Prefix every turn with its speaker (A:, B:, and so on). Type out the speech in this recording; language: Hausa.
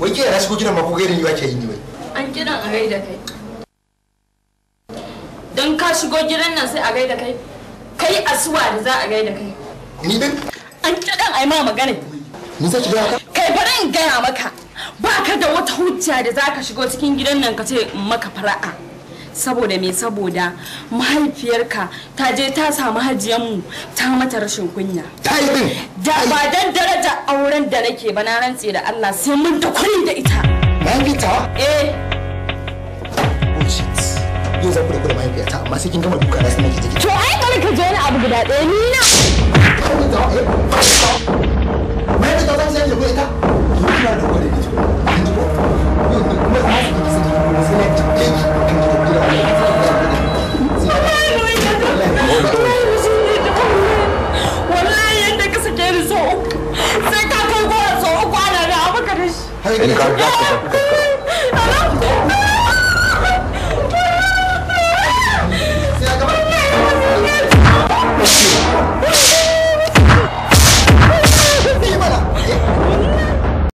A: wai kira na shigo gidan ma ko gairin yiwa ke yi yiwa.
B: wai an kiran a gaida kai don ka shigo gidan nan sai a gaida kai kai asuwa da za a gaida kai ni din an kiran ai ma
C: magana ni sai ki ga kai bari in gaya maka ba ka da wata hujja da zaka shigo cikin gidan nan ka ce maka fara'a saboda me saboda mahaifiyarka ta je ta samu hajiyanmu ta mata rashin kunya da ba dan daraja auren da nake ba na rantse da Allah sai mun da kuri da ita mahaifiyarta eh
A: oh, shit. yau za ku da kuri mahaifiyarta amma sai kin gama duka na sanar ki to ai kar ka je wani abu guda ɗaya ni
B: Beni kalbine atma.